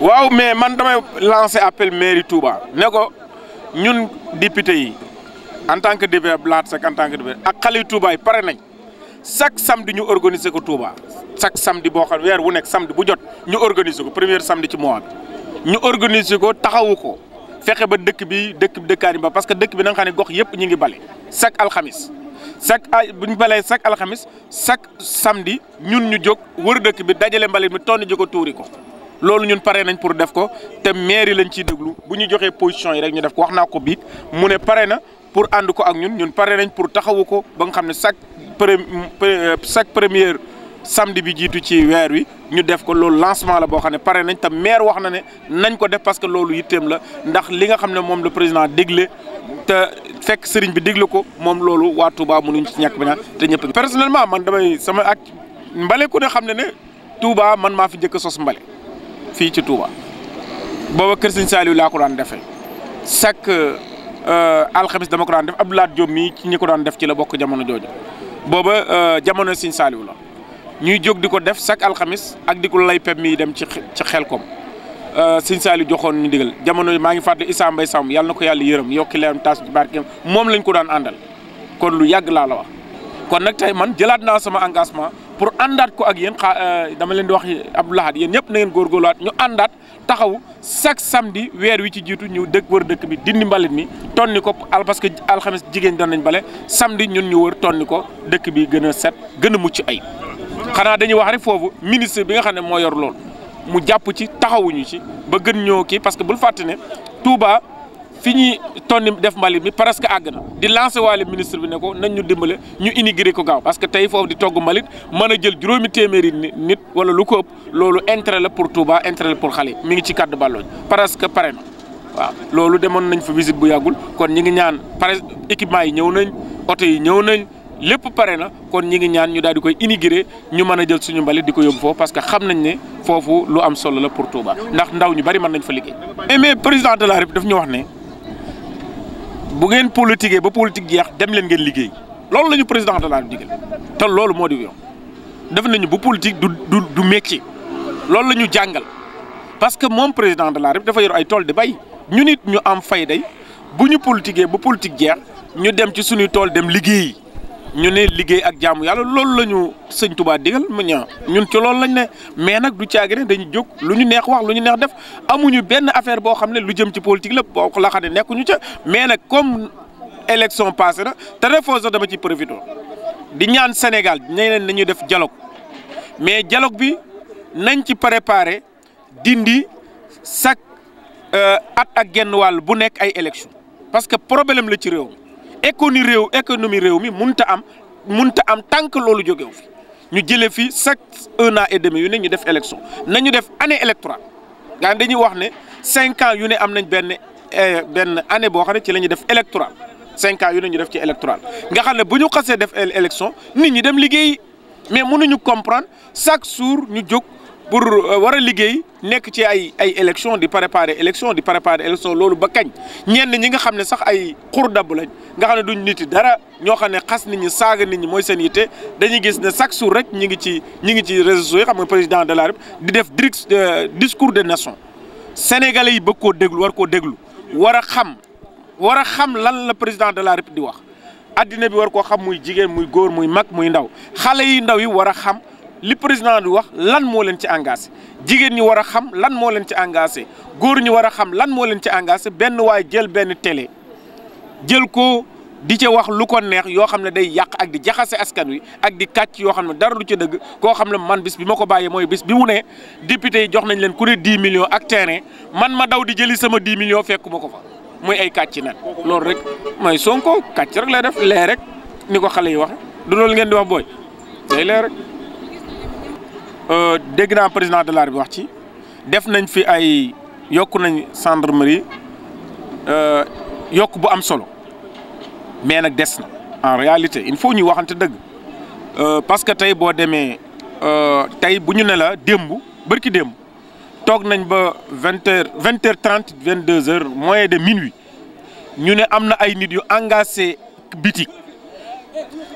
waaw mais man damay lancer appel mairie Touba ne ko ñun député en tant que député Laat Seck en tant que député ak xale yu Touba yi pare nañ chaque samedi ñu organiser ko Touba chaque samedi boo xam weer wu nekk samedi bu jot ñu organiser ko première samedi ci mois bi ñu organiser ko taxawu ko fexe ba dëkk bi dëkk bi dëkkaan yi ba parce que dëkk bi na nga xam ne gox yëpp ñu ngi bale chaque alxamis chaque bu ñu balee chaque alxamis chaque samedi ñun ñu jóg wër dëkk bi dajale mbalit mi tonn ji ko tuuri ko. loolu ñun pare nañ pour def ko te yi lañ ciy déglu bu ñu joxee position yi rek ñu def ko wax naa ko biig mu ne pare na pour ànd ko ak ñun ñun pare nañ pour taxawu ko ba nga xam ne chaque euh, premier chaque première samedi bi jiitu ci weer wi ñu def ko loolu lansement la boo xam ne pare nañ te maire wax na ne nañ ko def parce que loolu yitteem la ndax li nga xam ne moom le président dégle te fekk sëriñ bi dégle ko moom loolu waa Touba mënuñ ci ñekk bi ñaan te ñëpp personnellement man damay sama ak mbale ku xam ne ne Touba man maa fi njëkk sos mbale fii ci Touba booba kër sëñ Saliou laa ko daan defee chaque euh, alxamis dama ko daan def Abdoulaye Diop mii ci ñi ko daan def ci la bokk jamono jooju booba euh, jamono sëñ Saliou la ñuy jóg di ko def chaque alxamis ak di ko lay pep mi dem ci ci Xelkom euh, sëñ Saliou joxoon ñu digal jamono maa ngi fàttali Issa Mbaye Samb yàlla na ko yàlla yërëm yokki leeram taas ci barkeem moom lañ ko daan àndal kon lu yàgg laa la wax kon nag tey man jëlaat naa sama engagement pour àndaat ko ak yéen xaa euh, dama leen di wax Abdou Lahad yéen ñëpp na ngeen góorgóorluwaat ñu àndaat taxaw chaque samedi weer wi ci jiitu ñu dëkk wër dëkk bi dindi mbalit mi tonni ko al parce que alxames jigéen danañ bale samedi ñun ñu wër tonni ko dëkk bi gën a set gën a mucc ay xanaa dañuy wax rek foofu ministre bi nga xam ne moo yor lool mu jàpp ci taxawuñu ci ba gën ñoo kii parce que bul fàtte ne Touba. fi ñuy tonni def mbalit mi presque àgg na di lancé waale ministre bi ne ko nañ ñu dimbale ñu intégré ko gaaw parce que tey foofu di togg mbalit mën a jël juróomi téeméeri nit wala lu ko ëpp loolu intere la pour Touba intérêt la pour xale mi ngi ci kàddu Ballooñ presque pare na waaw loolu demoon nañ fa visite bu yàggul kon ñi ngi ñaan pare équipement yi ñëw nañ oto yi ñëw nañ lépp pare na kon ñi ngi ñaan ñu daal di koy intégré ñu mën a jël suñu mbalit di ko yóbbu foofu parce que xam nañ ne foofu lu am solo la pour Touba ndax ndaw ñu bari mën nañ fa liggéey mais président de la République daf wax ne bu ngeen politiquer ba politique jeex dem ngeen liggéey lool lañu ñu président de la digal te loolu moo di yoon def nañu bu politique du du du métier loolu la ñu jàngal parce que moom président de la République dafa yor ay tool di bay ñu nit ñu am fayday bu ñu politiquer ba politique jeex ñu dem ci suñuy tool dem liggéey ñu ne liggéey ak jaamu yàlla loolu la ñu sëñ Tuubaa digal mu ñaa ñun ci loolu lañ ne mais nag du caagi ne dañu jóg lu ñu neex wax lu ñu neex def amuñu benn affaire boo xam ne lu jëm ci politique la boo ko la xam ne nekkuñu ca mais nag comme élection passée na très fort sax dama ci profité di ñaan Sénégal ñeneen nañu def dialogue mais dialogue bi nañ ci préparer dindi chaque euh, at ak genn wàll bu nekk ay élection parce que problème la ci réew mi économie réew économie réew mi munta am munta am tant que loolu jógewu fi ñu jëlee fi chaque un an et yu ne ñu def élection nañu def année électorale nga dañuy wax ne cinq ans yu ne am nañ benn eh, benn année boo xam ne ci la ñuy def électorale cinq ans yu ne ñu def ci électorale nga xam ne bu ñu xasee def élection nit ñi dem liggéey mais mënuñu comprendre chaque jour ñu jóg. pour euh, war a liggéey nekk ci ay ay élection di préparer élection di préparer élection loolu ba kañ ñenn ñi nga xam ne sax ay xurdab lañ nga xam ne duñ niti dara ñoo xam ne xas nit ñi saaga nit ñi mooy seen yitte dañu gis ne chaque jour rek ñi ngi ci ñi ngi ci réseaux sociaux yi xam nga président de la République di def direct euh, discours de nation sénégalais yi bëgg koo déglu war koo déglu war a xam war a xam lan la président de la République di wax addina bi war koo xam muy jigéen muy góor muy mag muy ndaw yi war a xam li président di wax lan moo leen ci engagé jigéen ñi war a xam moo leen ci engagé góor ñi war a xam lan moo leen ci engagé benn waay jël benn télé jël ko di ca wax lu ko neex yoo xam ne day yàq ak di jaxase askan wi ak di kàcc yoo xam ne dara du ca dëgg koo xam ne man bis bi ma ko bàyyee mooy bis bi mu ne député yi jox nañ leen ku ne 10 millions ak terrain man ma daw di jëli sama 10 millions fekkuma ko fa muy ay kàcc nag loolu rek mooy Sonko kàcc rek lay def lee rek ni ko xale yi waxe di wax Euh, dégg naa président de la République wax ci def nañ fi ay yokku nañ gendarmerie euh, yokk bu am solo mais nag des na en réalité il faut ñuy waxante dëgg euh, parce que tey boo demee tey bu ñu ne la démb bërki démb toog nañ ba vingt heures vingt heures trente vingt deux heures moyen de minuit ñu ne am na ay nit yu engagé bitik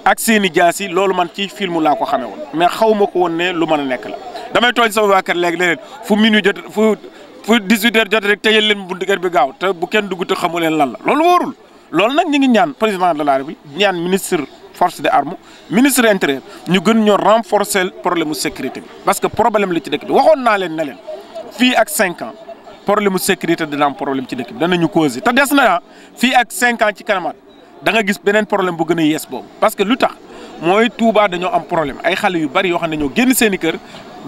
ak seen i yi loolu man ci film laa ko xamee woon mais xaw ma ko woon lu mën a nekk la damay tooñ sama waa kër léegi leneen fu minuit jot fu fu 18 heures jot rek tëjal leen buntu kër bi gaaw te bu kenn dugg te xamuleen leen lan la loolu wóorul loolu nag ñi ngi ñaan président de la République ñaan ministre force des armées ministre intérieur ñu gën ñoo renforcer problème mu sécurité bi parce que problème la ci dëkk bi waxoon naa leen ne fii ak 5 ans mu sécurité dina problème ci dëkk bi danañu causer te des na fii ak 5 ci kanamaat. da gis beneen problème bu gën a yees boobu parce que lu tax mooy Touba dañoo am problème ay xale yu bari yoo xam ne ñoo génn seeni kër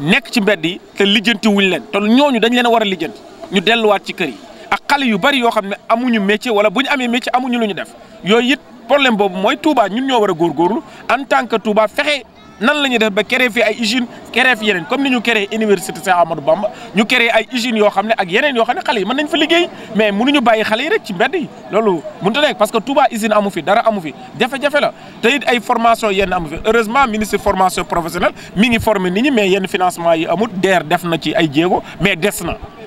nekk ci mbedd yi te lijjanti leen te ñooñu dañ leen a war a lijjanti ñu delluwaat ci kër yi ak xale yu bari yoo xam ne amuñu métier wala bu ñu amee métier amuñu lu ñu def yooyu it problème boobu mooy Touba ñun ñoo war a góorgóorlu en tant que Touba fexe nan la ñuy def ba créer fii ay usines créer fi yeneen comme ni ñu créer université Cheikh Amadou Bamba ñu créer ay usines yoo xam ne ak yeneen yoo xam ne xale yi mën nañ fa liggéey mais mënuñu bàyyi xale yi rek ci mbedd yi loolu mënut a nekk parce que Touba usine amu fi dara amu fi jafe la te it ay formation yenn amu fi ministre formation professionnelle mi ngi former nit ñi mais yenn financement yi amul DER def na ci ay jéego mais des na